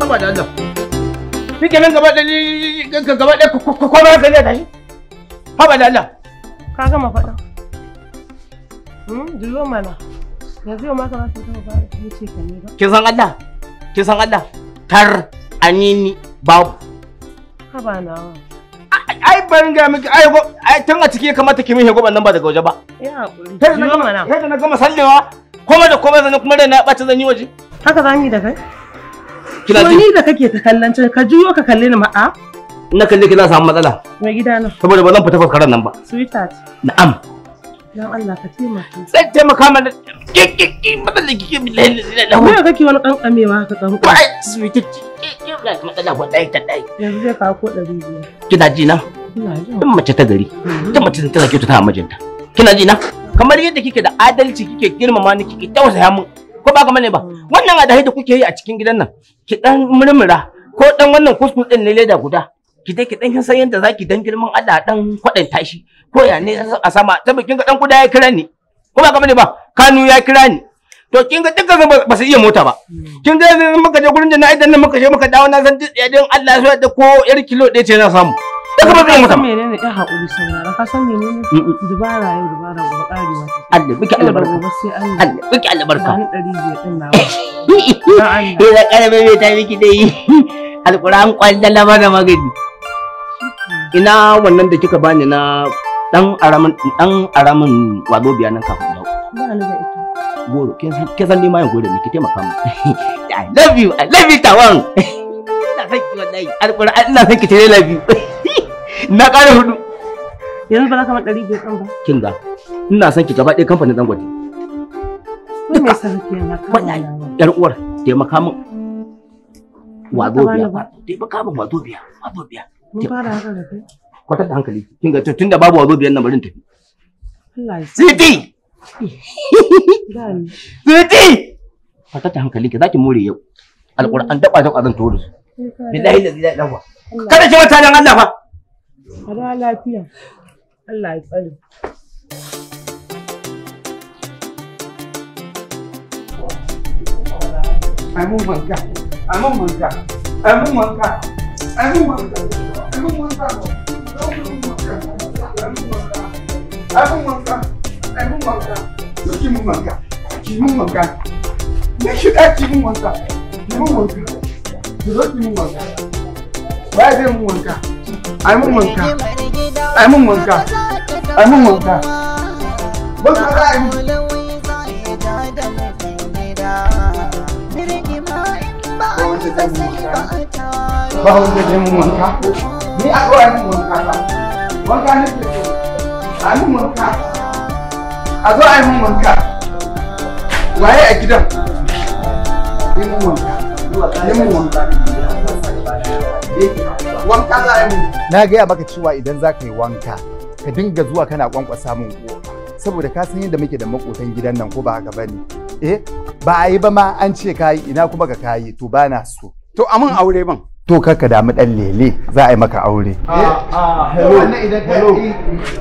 Haba da Allah. Shi kenan gaba da gaba ɗaya kwaba haka ne tashi. Haba da Allah. Ka gama faɗa. Hmm, juyo mana. Yanzu yau ma ka masu gama ba ce ka ne ba. san Allah? san Allah? Kar anini babu. Haba nawa. ai ban ga miki ai ai tun a ciki kamata ki mihe goban nan ba daga waje ba ya hakuri kai da na gama sallewa kuma da kuma zan kuma raina ya bace zan yi waje haka zan yi da kai kina ji ni da kake ta kallon can ka juyo ka kalle ni a. na kalle ki za samu matsala mai gida na saboda ba zan fita faskaran nan ba sweetheart na'am dan Allah ka taimaka sai taimaka mana kikiki matsala kike lalle me kake wani kankamewa haka kan ko ai sweetheart matsala ko dai ta dai yanzu zai kawo ko 200 kina ji na in mace ta gari ta mace tana kyautata a mijinta kina ji na kamar yadda kike da adalci kike girmama ni kike tausaya mun ko ba kamar ne ba mm. wannan adahi da kuke yi a cikin gidan nan ki dan murmura ko dan wannan kuskus din ne leda guda ki dai ki dan kin san yanda zaki dan girman Allah dan kwadan tashi ko ya ne a sama ta kin ga dan guda ya kira ni ko ba kamar ne ba kanu ya kira ni to kin ga dukkan ba su iya mota ba mm. kin ga muka je gurin da na idan nan muka je muka dawo na san din Allah ya so da ko yar kilo ɗaya ce na samu da kuma zai mutum menene ya haƙuri saurara ka san menene dubara yau dubara gobe ƙarewa Allah biki albarka Allah biki albarka an ɗari biyar ɗin na ba ina ƙarfe mai ta miki dai alƙur'an ƙwallon lama da magani ina wannan da kika bani na dan aramin dan aramin wado biya nan kafin yau goro kin san ni ma yin goro ne ki taimaka mu i love you i love you tawan ina ki wallahi alƙur'an ina son ki tare love you na ƙara hudu yanzu ba za ka bar ɗari biyar ɗan ba kin ga ina son ki gaba ɗaya kamfanin duka yar uwar taimaka min wazo biya taimaka min wazo biya wazo biya kwatar da hankali kin ga tun da babu wazo biyan nan barin tafi Siti! Siti! Kwatar da hankali ki zaki more yau. Alƙur'an daba daba zan toro su. Billahi da zai dawa. Kada ki mata Allah a lafiya Allah ya tsare ai mun wanka ai mun wanka ai mun wanka ai mun wanka ai mun wanka ai mun wanka ai mun wanka ai mun wanka ki mun wanka ki mun wanka ne shi da ki mun wanka ki mun wanka ki zo ki mun wanka ai mun wanka ai mun wanka ai mun wanka ban ka ai ba wanda zai mun wanka ni a ko ai mun wanka ba wanka ne ke so a mun wanka a zo ai mun wanka waye a gidan ni mun wanka ni mun wanka ne wanka za a yi na gaya maka cewa idan za ka yi wanka ka dinga zuwa kana kwankwasa min kofa saboda ka san yadda muke da makotan gidan nan ko ba haka bane eh ba a yi ba ma an ce yi, ina kuma ka kayi to ba na so to amin aure ban to kar ka damu dan lele za a yi maka aure ah, ah, wannan idan ka yi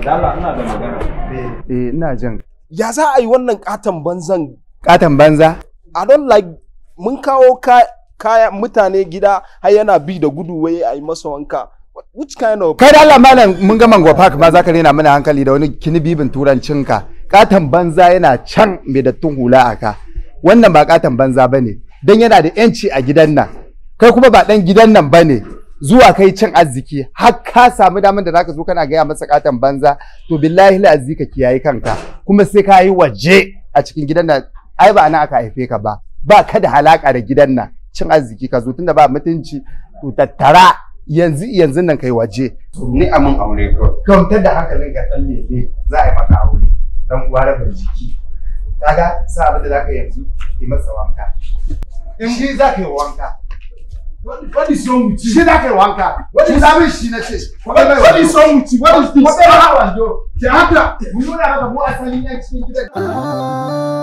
dala ina da magana eh, eh ina jin ya za a yi wannan katan banzan katan banza i don't like mun kawo ka kaya mutane gida har yana bi da gudu waye a yi masa wanka which kind of kai da Allah malam mun ga mango park ma zaka rena mana hankali da wani kinibibin turancin ka katan banza yana can mai dattin hula aka wannan ba katan banza bane dan yana da yanci a gidan nan kai kuma ba dan gidan nan bane zuwa kai cin arziki har ka samu damar da zaka zo kana gaya masa katan banza to billahi la azika kiyaye kanka kuma sai ka yi waje a cikin gidan nan ai ba nan aka haife ka ba ba ka da halaka da gidan nan cin arziki ka zo tunda ba mutunci to tattara yanzu yanzu nan kai waje ni amin aure ko kautar da hankalin ga dan ne za a yi maka aure dan uwa da jiki kaga sa abin da zaka yanzu yi masa wanka in shi zaka yi wanka What is wrong with you? She that can wanka. What is that she na ce? What is wrong with you? What is this? What the hell was do? Ki haka, mu nuna maka mu asalin cikin gidan. Ah.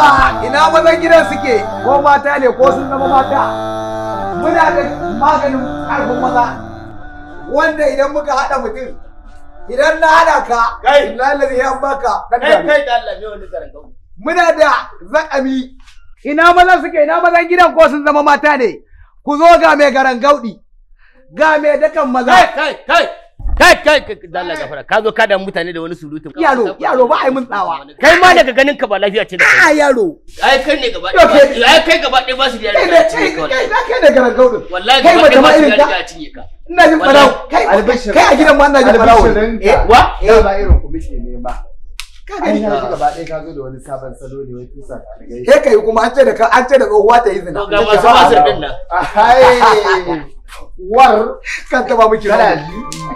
ba ina mazan gidan suke ko mata ne ko sun zama mata muna da maganin karfin maza wanda idan muka haɗa mutum idan na hada ka kai lalari ya baka kai kai da wani zarangau muna da za'ami ina mazan suke ina mazan gidan ko sun zama mata ne ku zo ga mai garan gaudi ga mai dakan maza kai kai kai kai kai dalla gafara ka zo ka da mutane da wani surutun yaro yaro ba ai mun tsawa kai ma daga ganin ka ba lafiya ce da kai a yaro ai kai ne gaba ai kai gaba ɗaya ba su da yaro kai kai ne garan gaudin wallahi gaba ɗaya ba su da yaro cinye ka ina jin farau kai kai a gidan ma ina jin farau eh wa ba irin ku ai na ji ah. gaba ɗaya ka zo da wani sabon salo ne wai tusa he kai kuma an ce da an ce da uwa ta izina. zina ga masu masu din nan ai war kan taba miki kana ji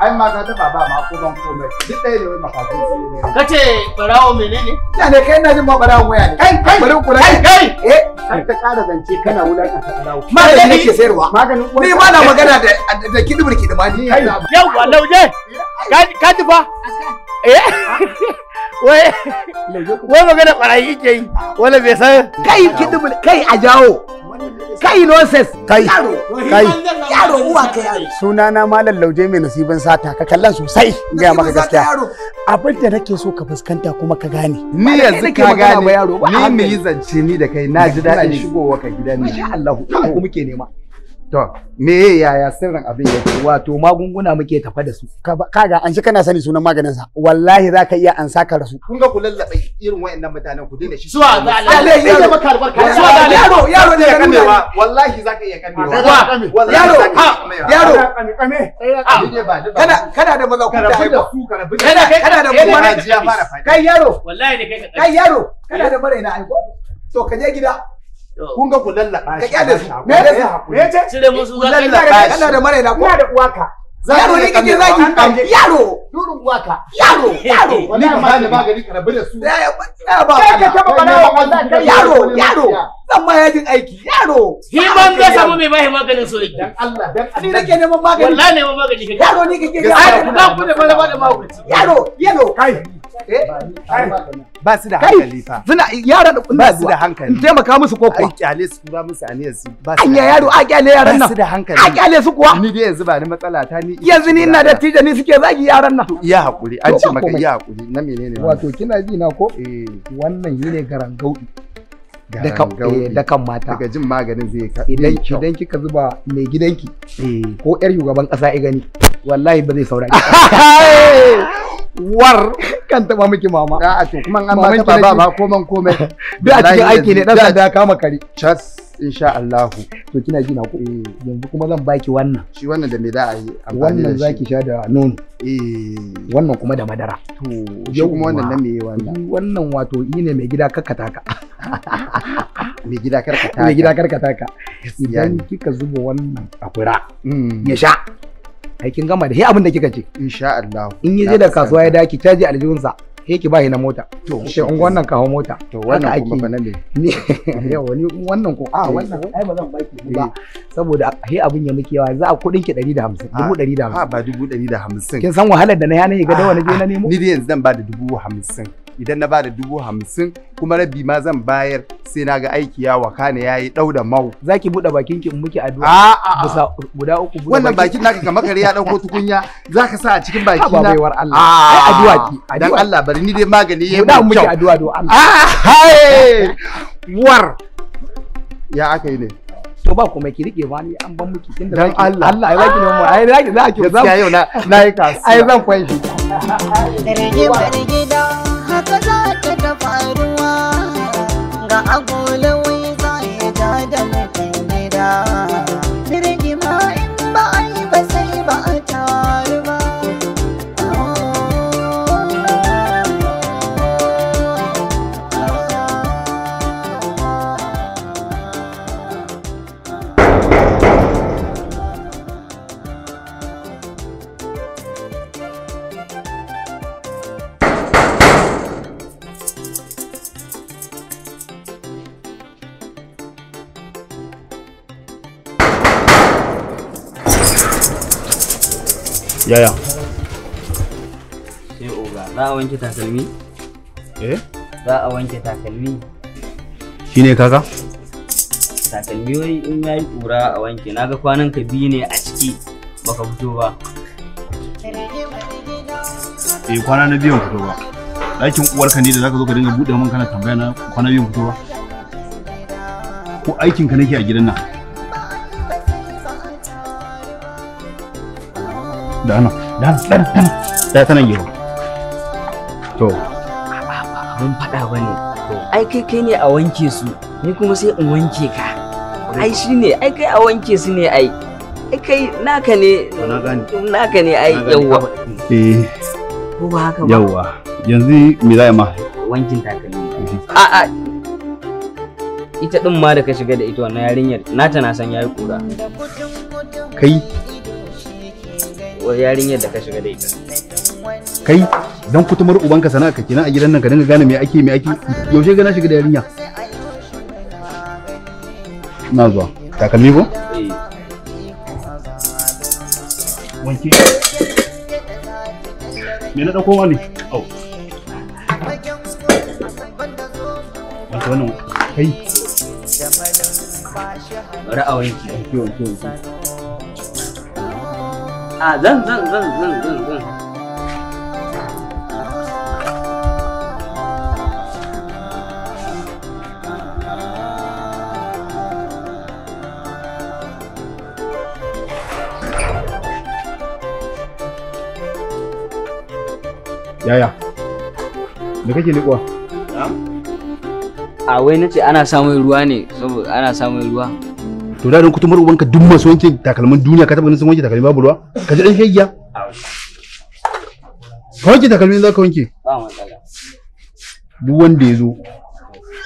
ai ma ka taba ba ma ko ban komai duk ɗaya ne wai makafin sai ne ce barawo menene ya ne kai na jin ma barawon waya ne kai kai bari kula kai kai eh har ta ƙara zance kana wulakanta barawo magani nake sayarwa maganin ni ba na magana da da kidibir kidima ni Yau, yawa lauje ka ji fa Eh? wai magana ɓarayi ke yi wani bai san kai kidubul kai a jawo kai nonsense kai kai yaro uwa ka yaro suna na malam lauje mai nasibin sata ka kallon sosai gaya maka gaskiya abin da nake so ka fuskanta kuma ka gane ni yanzu ka gane ni mu zance ni da kai na ji daɗin shigowa ka gidan ni masha Allah ko muke nema To, me yaya sirrin abin yake? Wato magunguna muke tafa da su. Kaga an shi kana sani sunan maganin sa. Wallahi zaka iya an saka rasu. Kun ga ku lallabe irin wayannan mutanen ku daina shi. Suwa ga Allah. Allah ya zama karbar kai. Suwa ga yaro yaro ne wa. Wallahi zaka iya Wa. Yaro yaro yaro. Kana kana da maza ku da haifa. Kana kana da kuma kai yaro. Wallahi ne kai kai yaro. Kana da ina aiko. To ka je gida. kun ga ku lallaba shi ka kyale su me yasa me cire musu ga kai shi da maraina ko ina da uwaka yaro ne kake zagi yaro uwaka yaro yaro ba ne ba gari karabi da su ya ba kai ka taba bana wallahi yaro yaro zan ma yajin aiki yaro himan da samu mai bai maganin dan Allah dan Allah ni nake neman magani wallahi neman magani yaro yaro ku da da ba da magani yaro yaro kai Eh? ba su da hankali fa suna yaran ba su da hankali in taimaka musu ko kuwa kyale su ba musu aniyar su ba su anya yaro a kyale yaran nan ba su da hankali a kyale su kuwa ni dai yanzu ba ni matsala ta ni yanzu ni ina da tija ni suke zagi yaran nan ya hakuri an ce maka ya hakuri na menene wato kina ji na ko eh wannan yine garangaudi da kan eh, mata daga jin maganin zai ka idan idan kika zuba mai gidanki eh. ko yar shugaban kasa ya gani wallahi ba zai saurari war kan taba miki mama a to kuma an ba taba ba ba man komai da a cikin aiki ne dan sanda kama kare chas insha Allah to kina ji na ku eh, yanzu kuma zan baki wannan shi wannan da me za a yi amfani wannan zaki sha da nono eh wannan kuma da madara to shi kuma wannan nan me wannan wannan wato ni ne mai gida kakkata ka mai gida karkata ka mai gida karkata ka idan kika zuba wannan akura mm. ya sha ai kin gama da he abin da kika ce insha Allah in yaje da kasuwa ya daki caji aljihunsa he ki bai na mota to shi an wannan kawo mota to wannan kuma fa nan ne yawa ni wannan ko a eh. wannan ai ba zan baki ba eh. saboda he abin ya miki yawa za a kudin ki 150 150 a ba dubu 150 kin san wahalar da na yana ga dawa na je na nemo ni dai yanzu zan ba da dubu 50 idan na ba da dubu hamsin kuma rabi ma zan bayar sai na ga aiki ya ne ya yi ɗau da mau. Za ki buɗe bakin ki muke addu'a. A'a. Bisa guda uku. Wannan bakin naka kamar kare ya ɗauko tukunya za ka sa a cikin bakin na. Ba baiwar Allah. Ai addu'a ki. Dan Allah bari ni dai magani ya yi kyau. Guda muke addu'a do Allah. A'a. Ah, War. Ya aka yi ne. to ba kuma ki rike wani an ban miki tunda dan Allah Allah ai baki mu. ai za ki za ki yau na na yi kasu ai zan kwai shi yaya sai oga za a wanke takalmi eh za a wanke takalmi shine kaka takalmi wai in yi kura a wanke naga kwanan ka biyu ne a ciki baka fito ba eh kwana na biyan fito ba ɗakin uwarka ne da zaka zo ka dinga buɗe min kana tambaya na kwana biyan fito ba ko aikin ka nake a gidan nan da nan da nan da ta nan gefe to mun faɗa bane ai kai kai ne a wanke su ni kuma sai in wanke ka ai shi ne ai kai a wanke su ne ai ai kai naka ne naka ne ai yawwa eh ko ba haka ba yawwa yanzu me za ma wankin takalmi mhm. a a ita din ma da ka shiga da ita wannan yarinyar nata na san yayi kura kai yarinyar da ka shiga da ita kai dan kutumar ubanka sana'a ka kina a gidan nan ka dinga gane me ake me ake yaushe ga shiga da yarinya na zuwa takalmi ko eh. wanki me na dauko wani au wanki wannan kai ra'awanki wanki wanki wanki a ah, zan yaya da kake liƙuwa a ah, wai nace ce ana samun ruwa ne saboda ana samun ruwa to da don tumar ubanka duk masu wanke takalmin duniya ka taba sun wanke takalmi babu ruwa ka ji dan shayya ka wanke takalmi za ka wanke duk wanda ya zo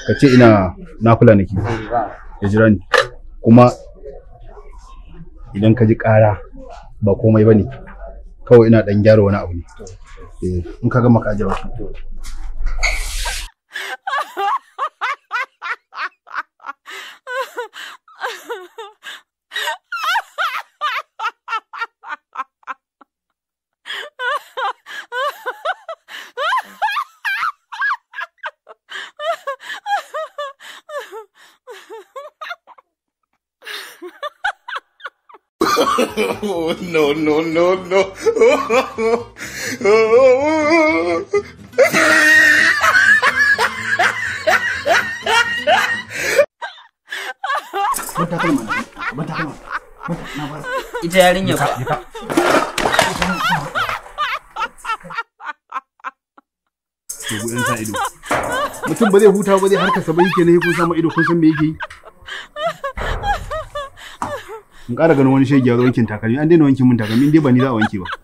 ka ce ina na kula nake ya jira ni kuma idan ka ji ƙara ba komai ba ne kawai ina ɗan gyara wani abu ne eh, in ka gama ka jira no, no, no, no. Ita yarinya ba. Mutum ba zai huta ba zai harkarsa ba yake ne kun sama ido kun san me yake yi. in ƙara ganin wani shege ya zo wankin takalmi an daina wankin mun takalmi dai ba ni za a wanke ba